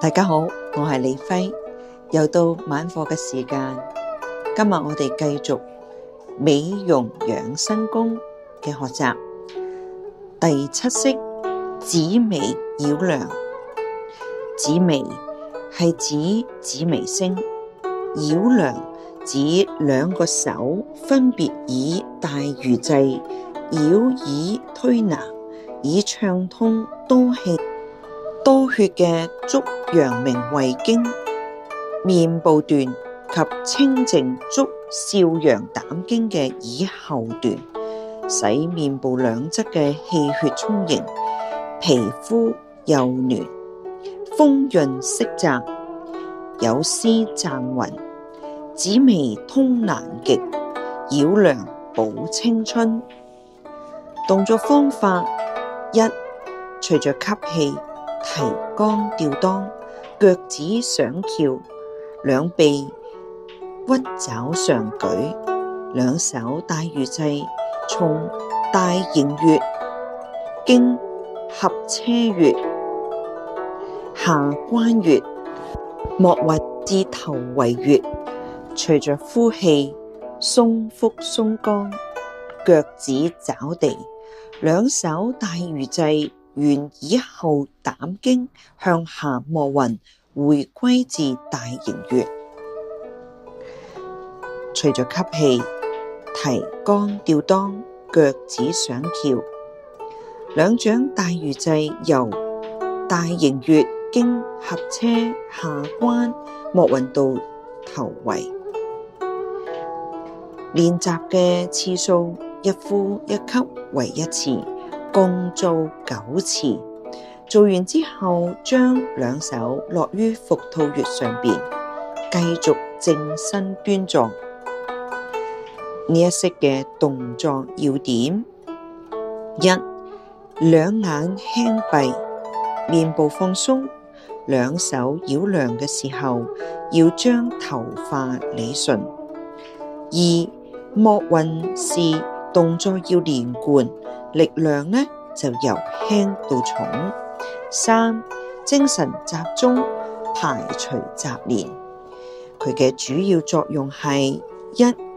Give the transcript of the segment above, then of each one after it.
大家好，我係李輝，又到晚課嘅時間。今日我哋繼續美容養生功嘅學習，第七式紫薇繞梁。紫薇係指紫薇星，繞梁指兩個手分別以大魚際、繞以推拿，以暢通多氣。多血嘅足陽明胃經面部段及清靜足少陽膽經嘅耳後段，使面部兩側嘅氣血充盈，皮膚幼嫩，豐潤、色澤，有詩讚云，紫微通難極，窈亮保青春。動作方法一，隨着吸氣。提肛吊襠，腳趾上翹，兩臂屈肘上舉，兩手大魚際大魚際從大迎穴經頰車穴、下關穴，摸揉至頭維穴。隨着呼氣，鬆腹鬆肛，腳趾抓地，兩手大魚際。沿以後膽經向下抹運回歸至大迎穴，隨着吸氣提肛吊襠，腳趾上翹，兩掌大魚際由大迎穴經頰車下關抹運到頭維，練習嘅次數一呼一吸為一次。共做九次，做完之後將兩手落於伏兔穴上邊，繼續正身端坐。呢一式嘅動作要點：一、兩眼輕閉，面部放鬆；兩手繞樑嘅時候，要將頭髮理順。二、摩運是動作要連貫。力量呢，就由輕到重。三、精神集中，排除雜念。佢嘅主要作用係一。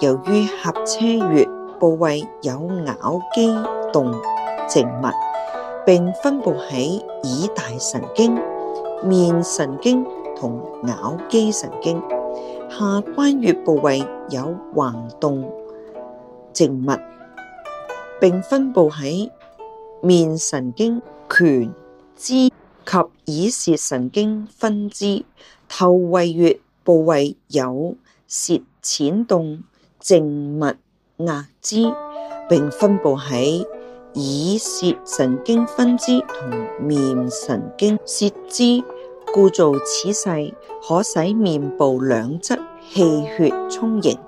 由於合車穴部位有咬肌動靜脈，並分布喺耳大神經、面神經同咬肌神經。下關穴部位有橫動靜脈，並分布喺面神經顴支及耳舌神經分支，頭位穴部位有舌淺動靜脈額支，並分布喺耳舌神經分支同面神經舌支，故做此勢可使面部兩側氣血充盈，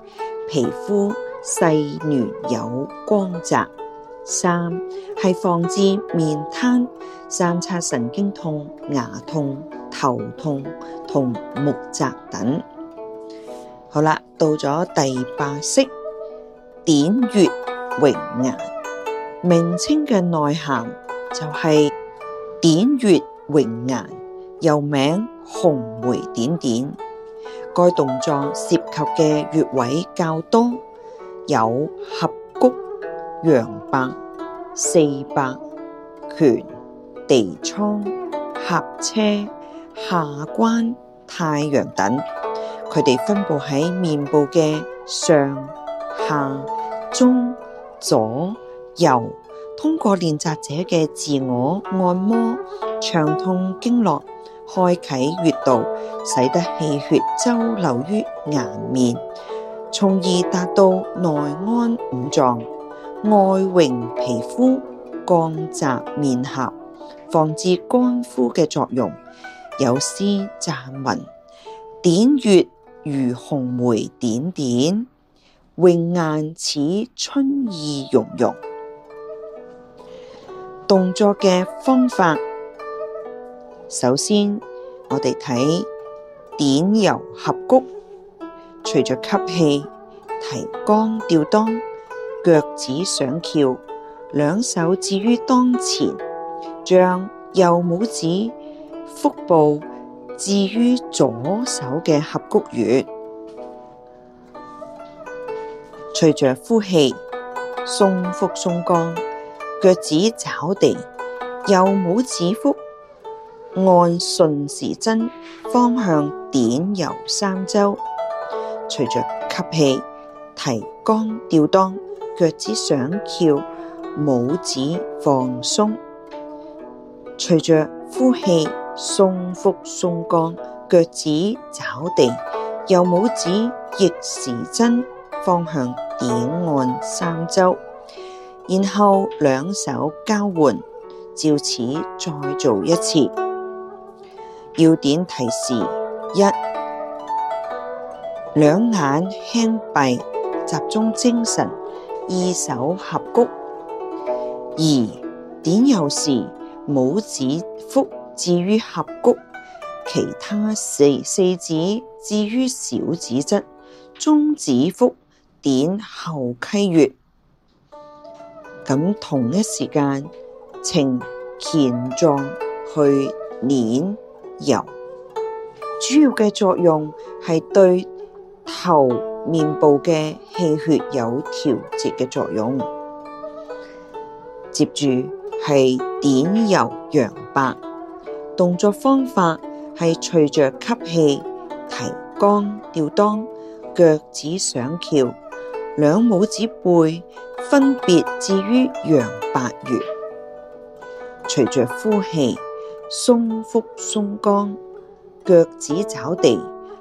皮膚細嫩有光澤。三係防治面癱、三叉神經痛、牙痛、頭痛同目疾等。好啦，到咗第八式點穴榮顏，名稱嘅內涵就係點穴榮顏，又名紅梅點點。該動作涉及嘅穴位較多，有合陽白、四白、顴、地倉、合車、下關、太陽等，佢哋分布喺面部嘅上下、中、左、右。通過練習者嘅自我按摩，暢通經絡，開啟穴道，使得氣血周流於顏面，從而達到內安五臟。外榮皮膚，降澤面頰，防止乾枯嘅作用。有絲站紋，點穴，如紅梅點點，榮顏似春意融融。動作嘅方法，首先我哋睇點油合谷，隨着吸氣，提肛吊襠。腳趾上翹，兩手置於當前，將右拇指腹部置於左手嘅合谷穴。隨着呼氣，鬆腹鬆肛，腳趾找地，右拇指腹按順時針方向點揉三周。隨着吸氣，提肛吊襠。腳趾上翹，拇指放鬆。隨着呼氣，鬆腹鬆肛，腳趾找地，右拇指逆時針方向點按三周，然後兩手交換，照此再做一次。要點提示：一，兩眼輕閉，集中精神。二手合谷，二點游時，拇指腹置於合谷，其他四指置於小指側，中指腹點後溪穴。咁同一時間，呈鉗狀去捻揉，主要嘅作用係對頭面部嘅氣血有調節嘅作用。接住係點揉陽白，動作方法係隨着吸氣提肛吊襠，腳趾上翹，兩拇指背分別置於陽白穴。隨着呼氣鬆腹鬆肛，腳趾找地。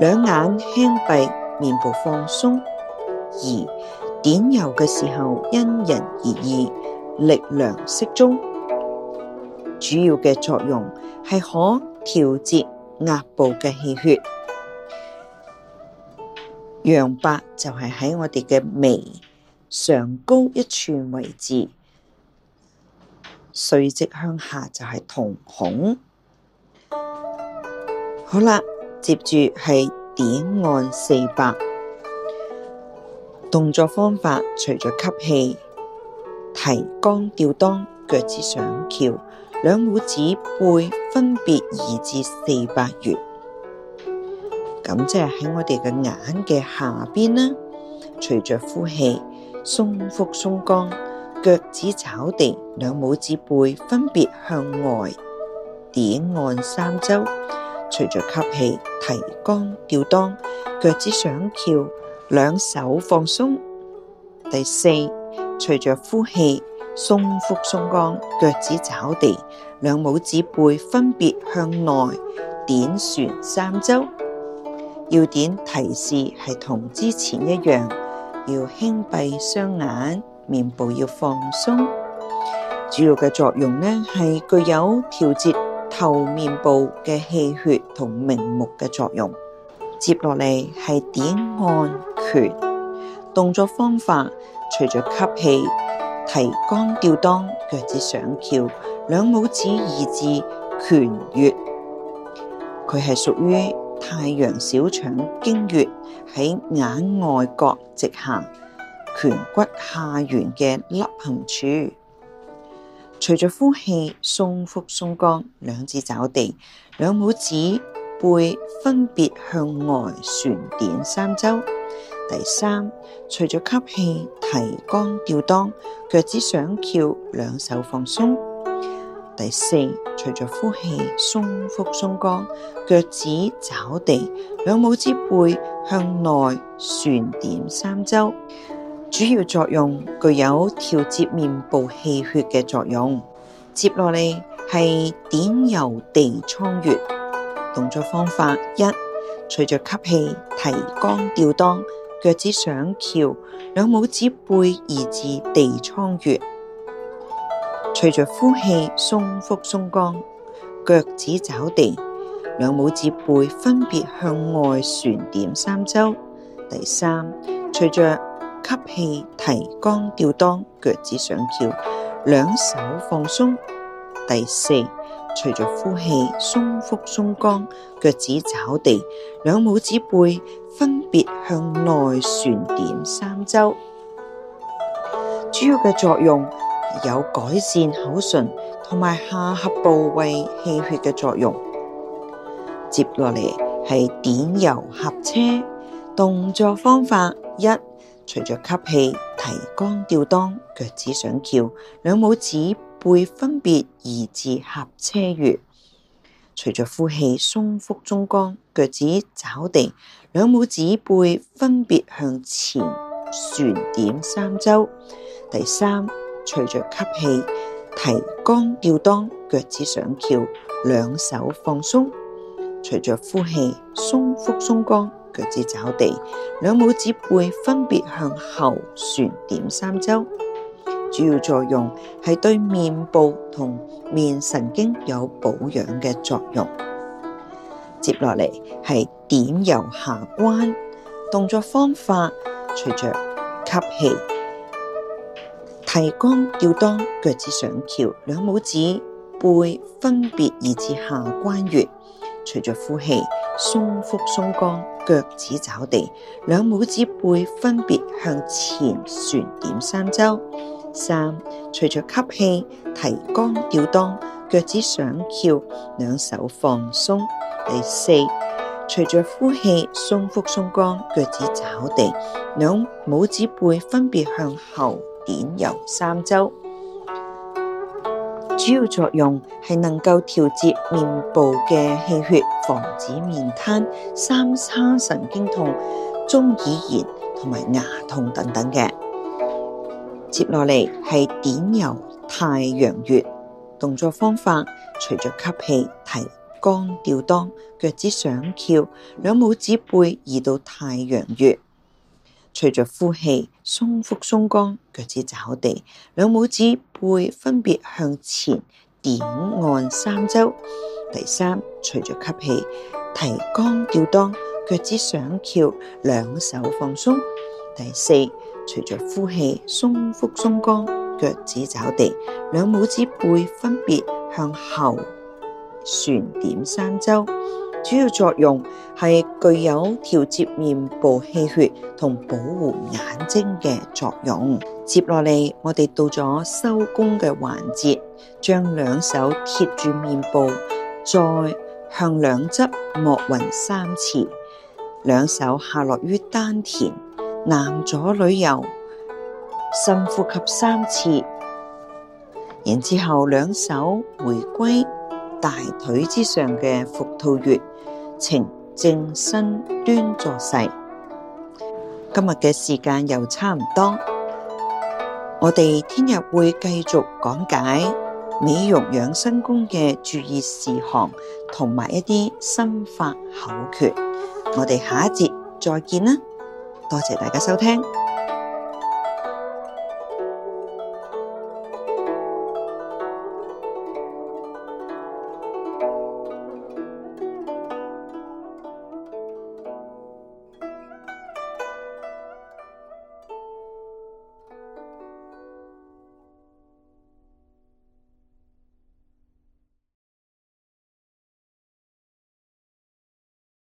兩眼輕閉，面部放鬆。二，點揉嘅時候，因人而異，力量適中。主要嘅作用係可調節額部嘅氣血。陽白就係喺我哋嘅眉上高一寸位置，垂直向下就係瞳孔。好啦。接住係點按四白，動作方法隨着吸氣，提肛吊襠，腳趾上翹，兩拇指背分別移至四白穴。咁即係喺我哋嘅眼嘅下邊啦。隨着呼氣，鬆腹鬆肛，腳趾抓地，兩拇指背分別向外點按三周。隨着吸氣，提肛吊襠，腳趾上翹，兩手放鬆。第四，隨着呼氣鬆腹鬆肛，腳趾找地，兩拇指背分別向內點旋三周。要點提示係同之前一樣，要輕閉雙眼，面部要放鬆。主要嘅作用呢係具有調節。頭面部嘅氣血同明目嘅作用，接落嚟係點按顴。動作方法，隨着吸氣，提肛吊襠，腳趾上翹，兩拇指移至顴穴。佢係屬於太陽小腸經穴，喺眼外角直行顴骨下緣嘅凹陷處。隨着呼氣，鬆腹鬆肛，兩指找地，兩拇指背分別向外旋點三周。第三，隨着吸氣，提肛吊襠，腳趾上翹，兩手放鬆。第四，隨着呼氣，鬆腹鬆肛，腳趾找地，兩拇指背向內旋點三周。主要作用，具有調節面部氣血嘅作用。接落嚟，係點揉地倉穴。動作方法一，隨着吸氣，提肛吊襠，腳趾上翹，兩拇指背移至地倉穴。隨着呼氣，鬆腹鬆肛，腳趾找地，兩拇指背分別向外旋點三周。第三，隨着吸氣，提肛吊襠，腳趾上翹，兩手放鬆。第四，隨着呼氣，鬆腹鬆肛，腳趾找地，兩拇指背分別向內旋點三周。主要嘅作用有改善口唇同埋下頜部位氣血嘅作用。接落嚟係點揉合車，動作方法一。隨着吸氣，提肛吊襠，腳趾上翹，兩拇指背分別移至合車穴。隨着呼氣，鬆腹中肛，腳趾找地，兩拇指背分別向前旋點三周。第三，隨着吸氣，提肛吊襠，腳趾上翹，兩手放鬆。隨着呼氣，鬆腹鬆肛，腳趾找地，兩拇指背分別向後旋點三周，主要作用係對面部同面神經有保養嘅作用。接落嚟係點揉下關，動作方法，隨着吸氣，提肛吊襠，腳趾上翹，兩拇指背分別移至下關穴。隨着呼氣，鬆腹鬆肛，腳趾找地，兩拇指背分別向前旋點三周。三，隨着吸氣，提肛吊襠，腳趾上翹，兩手放鬆。第四，隨着呼氣，鬆腹鬆肛，腳趾找地，兩拇指背分別向後點揉三周。主要作用係能夠調節面部嘅氣血，防止面癱、三叉神經痛、中耳炎同埋牙痛等等嘅。接落嚟係點揉太陽穴，動作方法：隨着吸氣提肛吊襠，腳趾上翹，兩拇指背移到太陽穴。隨着呼氣，鬆腹鬆肛，腳趾找地，兩拇指背分別向前點按三周。第三，隨着吸氣，提肛吊襠，腳趾上翹，兩手放鬆。第四，隨着呼氣，鬆腹鬆肛，腳趾找地，兩拇指背分別向後旋點三周。主要作用係具有調節面部氣血同保護眼睛嘅作用。接落嚟，我哋到咗收功嘅環節，將兩手貼住面部，再向兩側抹勻三次，兩手下落於丹田，男左女右，深呼吸三次，然之後兩手回歸大腿之上嘅伏兔穴。情正身端坐勢。今日嘅時間又差唔多，我哋聽日會繼續講解美容養生功嘅注意事項同埋一啲心法口訣，我哋下一節再見啦，多謝大家收聽。